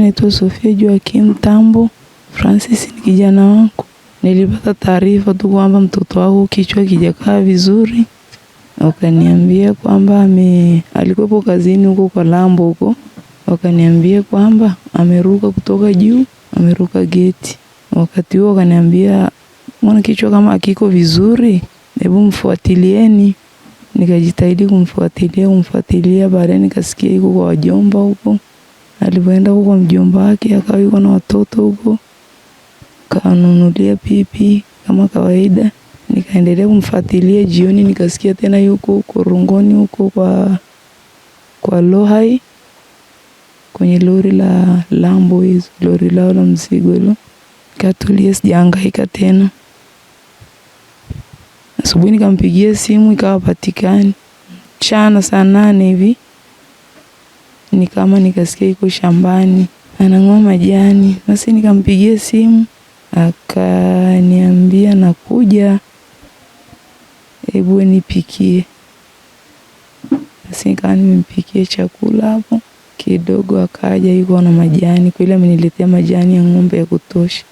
mimi naitwa Sofia Joakim Tambo. Francis ni kijana wangu, nilipata taarifa tu kwamba mtoto wako kichwa kijakaa vizuri, wakaniambia kwamba ame alikuwepo kazini huko kwa Lambo huko, wakaniambia kwamba ameruka kutoka juu, ameruka geti. Wakati huo wakaniambia, mwana kichwa kama akiko vizuri, hebu mfuatilieni. Nikajitahidi kumfuatilia kumfuatilia, baadaye nikasikia yuko kwa wajomba huko Alivyoenda huko kwa mjomba wake, yuko na watoto huko, kanunulia pipi kama kawaida. Nikaendelea kumfuatilia, jioni nikasikia tena yuko korongoni huko kwa kwa Lohai kwenye lori la Lambo, hizo lori lao la mzigo hilo. Katulia, sijahangaika tena. Asubuhi nikampigia simu ikawa patikani, mchana saa nane hivi nikama nikasikia yuko shambani anang'oa majani, basi nikampigia simu akaniambia nakuja, hebu nipikie. Basi nikawa nimempikia chakula hapo kidogo, akaja yuko na majani kweli, ameniletea majani ya ng'ombe ya kutosha.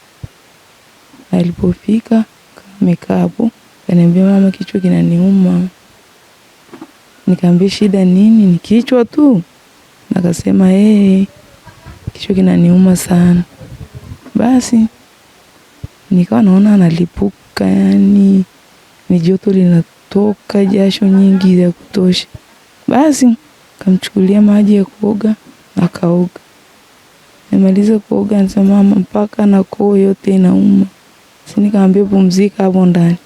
Alipofika amekaa hapo, kaniambia mama, kichwa kinaniuma. Nikaambia shida nini? Ni kichwa tu. Nakasema hey, kichwa kinaniuma sana. Basi nikawa naona analipuka, yani ni joto linatoka, jasho nyingi za kutosha. Basi kamchukulia maji ya kuoga, akaoga. Nimaliza kuoga, nasema mama, mpaka na koo yote inauma. Sasa nikaambia pumzika hapo ndani.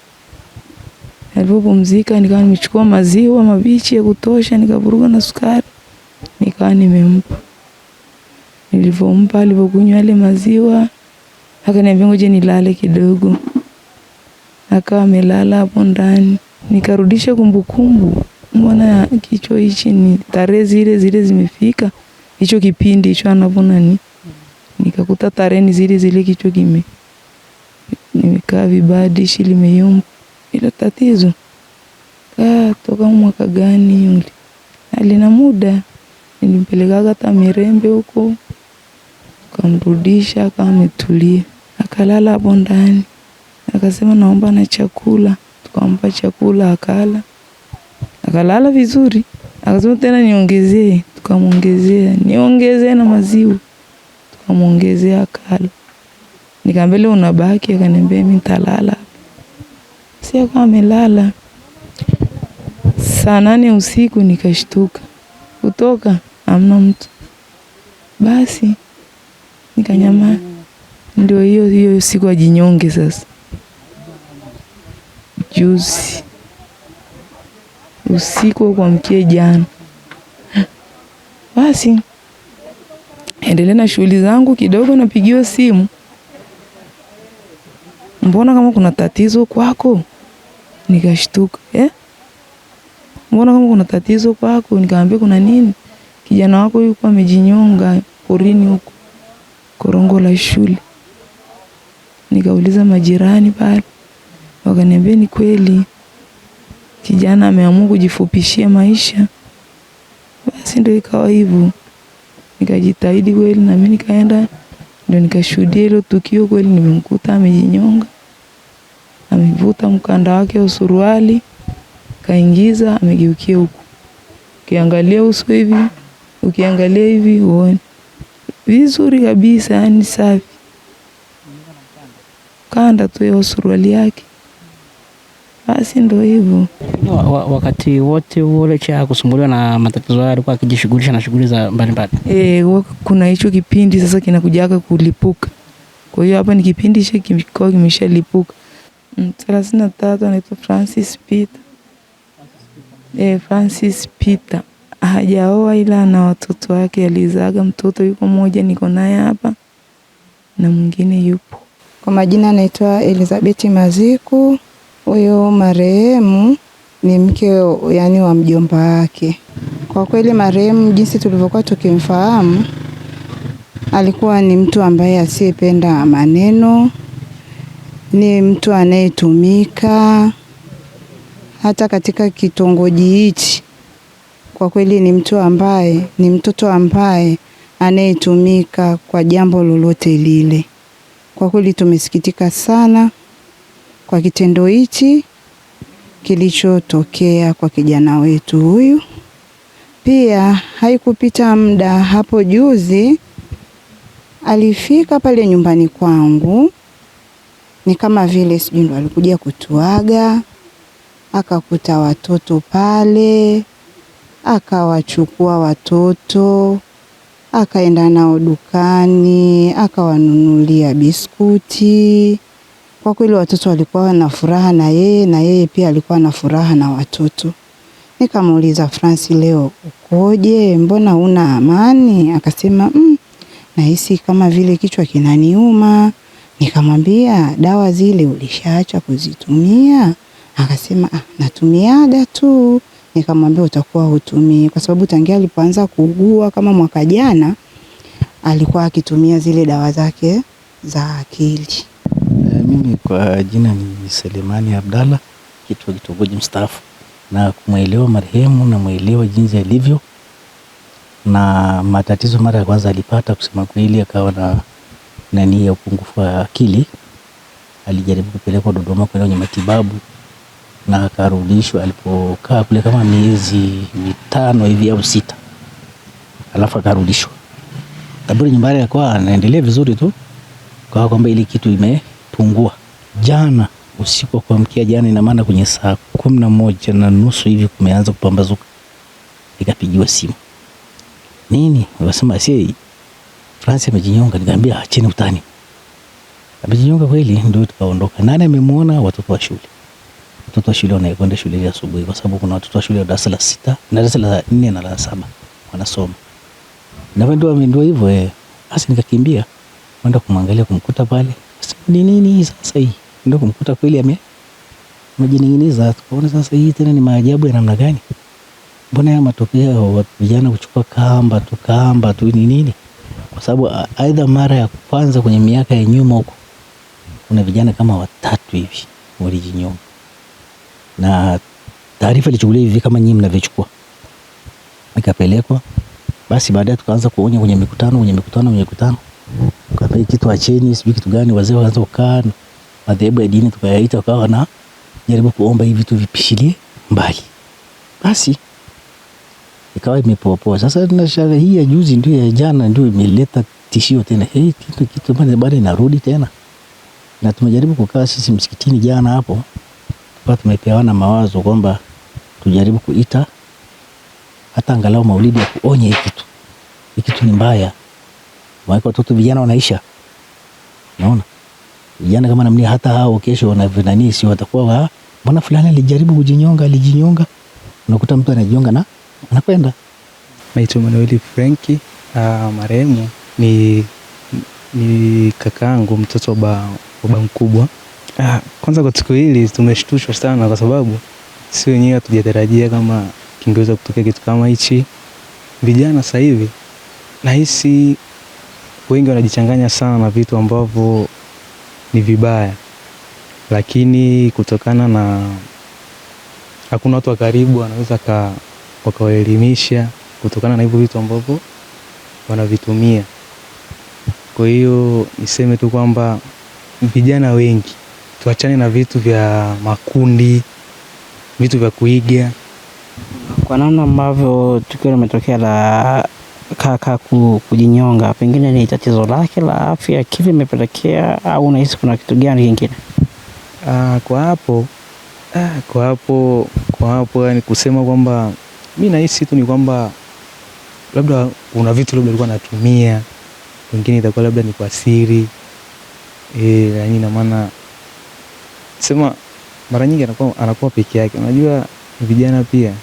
Alipopumzika nikawa nimechukua maziwa mabichi ya kutosha, nikavuruga na sukari nikawa nimempa. Nilivyompa, alivyokunywa yale maziwa, akaniambia ngoja nilale kidogo, akawa amelala hapo ndani. Nikarudisha kumbukumbu, mbona kichwa hichi ni tarehe zile zile zimefika, hicho kipindi hicho anavona ni nikakuta tarehe zile zile, kichwa kime nimekaa vibaya, dishi limeyumba. Ilo tatizo kaa toka mwaka gani yule alina muda Nilimpelekaga hata Mirembe huko, kamrudisha kama ametulia, akalala hapo ndani. Akasema naomba na chakula, tukampa chakula akala, akalala vizuri. Akasema tena niongezee, tukamwongezea, niongezee na maziwa, tukamwongezea akala. Nikamwambia unabaki, akaniambia mimi nitalala. Si akawa amelala. Saa nane usiku nikashtuka kutoka hamna mtu. Basi nikanyama, ndio hiyo hiyo siku ajinyonge Sasa juzi usiku wa kuamkia jana, basi endelea na shughuli zangu kidogo, napigiwa simu, mbona kama kuna tatizo kwako? Nikashtuka eh? mbona kama kuna tatizo kwako? Nikamwambia kuna nini? kijana wako yuko amejinyonga porini huko korongo la shule. Nikauliza majirani pale, wakaniambia ni kweli, kijana ameamua kujifupishia maisha. Basi ndio ikawa hivyo, nikajitahidi kweli, na mimi nikaenda, ndio nikashuhudia hilo tukio. Kweli nimemkuta amejinyonga, amevuta mkanda wake wa suruali kaingiza, amegeukia huku, ukiangalia uso hivi ukiangalia hivi uone vizuri kabisa, yani safi. Kanda tu hiyo suruali yake, basi ndo hivyo. Wakati wote huo cha kusumbuliwa na matatizo hayo, alikuwa akijishughulisha na shughuli za mbalimbali. E, kuna hicho kipindi sasa kinakujaka kulipuka, kwa hiyo hapa ni kipindi cha kimkoa kimeshalipuka. Mm, thelathini na tatu anaitwa Francis Peter, e, Francis Peter hajaoa ila na watoto wake, alizaga mtoto, yuko mmoja niko naye hapa na mwingine yupo. Kwa majina anaitwa Elizabeth Maziku. huyo marehemu ni mke yani wa mjomba wake. Kwa kweli marehemu, jinsi tulivyokuwa tukimfahamu, alikuwa ni mtu ambaye asiyependa maneno, ni mtu anayetumika. Hata katika kitongoji hichi kwa kweli ni mtu ambaye ni mtoto ambaye anayetumika kwa jambo lolote lile. Kwa kweli tumesikitika sana kwa kitendo hichi kilichotokea kwa kijana wetu huyu. Pia haikupita muda hapo juzi alifika pale nyumbani kwangu, ni kama vile sijui ndo alikuja kutuaga, akakuta watoto pale akawachukua watoto akaenda nao dukani akawanunulia biskuti. Kwa kweli watoto walikuwa na furaha na yeye na yeye pia alikuwa na furaha na watoto. Nikamuuliza, Fransi, leo ukoje? Mbona una amani? Akasema mm, nahisi kama vile kichwa kinaniuma. Nikamwambia, dawa zile ulishaacha kuzitumia? Akasema ah, natumiaga tu nikamwambia utakuwa hutumii, kwa sababu tangia alipoanza kuugua kama mwaka jana alikuwa akitumia zile dawa zake za akili. E, mimi kwa jina ni Selemani Abdalla kitwa kitongoji mstaafu, na kumwelewa marehemu na mwelewa jinsi alivyo na matatizo. Mara ya kwanza alipata kusema kweli, akawa na nani ya upungufu wa akili, alijaribu kupelekwa Dodoma kwenda kwenye matibabu na akarudishwa. Alipokaa kule kama miezi mitano hivi au sita, alafu akarudishwa. Kaburi nyumbani alikuwa anaendelea vizuri tu, kwa kwamba ile kitu imepungua. Jana usiku wa kuamkia jana, ina maana kwenye saa kumi na moja na nusu hivi kumeanza kupambazuka, nikapigiwa simu nini, Wasema si Francis amejinyonga. Nikamwambia acheni utani, amejinyonga kweli. Ndio tukaondoka. Nani amemwona? Watoto wa shule watoto wa shule wanaenda shule asubuhi, kwa sababu kuna watoto wa shule wa darasa la sita na darasa la nne na la saba wanasoma, Na ndio hivyo eh. Basi nikakimbia kwenda kumwangalia, kumkuta pale, ni nini sasa hii? Ndio kumkuta kweli ame majininginiza. Tukaona sasa hii tena ni maajabu ya namna gani? Mbona haya matokeo ya vijana kuchukua kamba tu kamba tu ni nini? Kwa sababu aidha mara ya kwanza kwenye miaka ya nyuma huko kuna vijana kama watatu hivi walijinyonga na taarifa ilichukuliwa hivi kama nyinyi mnavyochukua, ikapelekwa. Basi baadaye tukaanza kuonya kwenye mikutano, kwenye mikutano, kwenye mikutano, kwa kitu acheni, sijui kitu gani. Wazee waanza kukaa, madhehebu ya dini tukayaita, wakawa na jaribu kuomba hivi vitu vipishilie mbali, basi ikawa imepoapoa. Sasa tunashaka hii ya juzi ndio ya jana ndio imeleta tishio tena, hey, kitu kitu bado inarudi tena, na tumejaribu kukaa sisi msikitini jana hapo kwa tumepewana mawazo kwamba tujaribu kuita hata angalau maulidi ya kuonye hiki kitu. Hiki kitu ni mbaya, maana watoto vijana wanaisha. Unaona vijana kama namna hata hao kesho vinani si watakuwa mbona fulani alijaribu kujinyonga, alijinyonga. Unakuta mtu anajinyonga na anakwenda. Naitwa Manuel Frenki. Uh, marehemu ni, ni kakaangu mtoto wa baba mkubwa Ah, kwanza kwa siku hili tumeshtushwa sana kwa sababu si wenyewe hatujatarajia kama kingeweza kutokea kitu kama hichi. Vijana sasa hivi nahisi wengi wanajichanganya sana na vitu ambavyo ni vibaya, lakini kutokana na hakuna watu wa karibu wanaweza wakawaelimisha kutokana na hivyo vitu ambavyo wanavitumia. Kwa hiyo niseme tu kwamba vijana wengi tuachane na vitu vya makundi, vitu vya kuiga. Kwa namna ambavyo tukio limetokea la kaka kujinyonga, pengine ni tatizo lake la afya kile imepelekea, au unahisi kuna kitu gani kingine? Ah, kwa hapo ah, kwa hapo kwa hapo, yani kusema kwamba mi nahisi tu ni kwamba labda kuna vitu labda alikuwa anatumia, pengine itakuwa labda ni kwa siri eh, yani na maana sema mara nyingi anakuwa, anakuwa peke yake. Unajua vijana pia,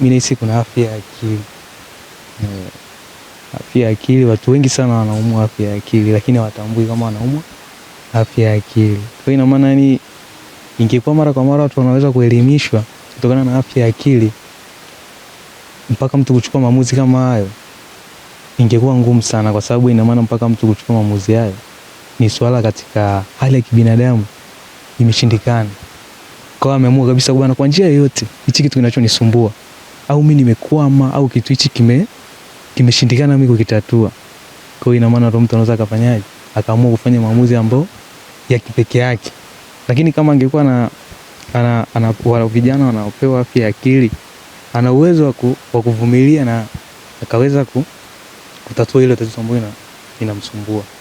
mimi nahisi kuna afya ya akili eh, afya ya akili. Watu wengi sana wanaumwa afya ya akili, lakini hawatambui kama wanaumwa afya ya akili. Kwa hiyo ina maana yani, ingekuwa mara kwa mara watu wanaweza kuelimishwa kutokana na afya ya akili, mpaka mtu kuchukua maamuzi kama hayo ingekuwa ngumu sana, kwa sababu ina maana mpaka mtu kuchukua maamuzi hayo ni swala katika hali ya kibinadamu imeshindikana. Kwa hiyo ameamua kabisa bwana, kwa njia yoyote hichi kitu kinachonisumbua au mimi nimekwama au kitu hichi kime kimeshindikana mimi kukitatua. Kwa hiyo ina maana mtu anaweza akafanyaje? Akaamua kufanya maamuzi ambayo ya kipekee yake. Lakini kama angekuwa na ana, ana, wala vijana wanaopewa afya ya akili ana uwezo wa kuvumilia na akaweza kutatua ile tatizo ambayo inamsumbua.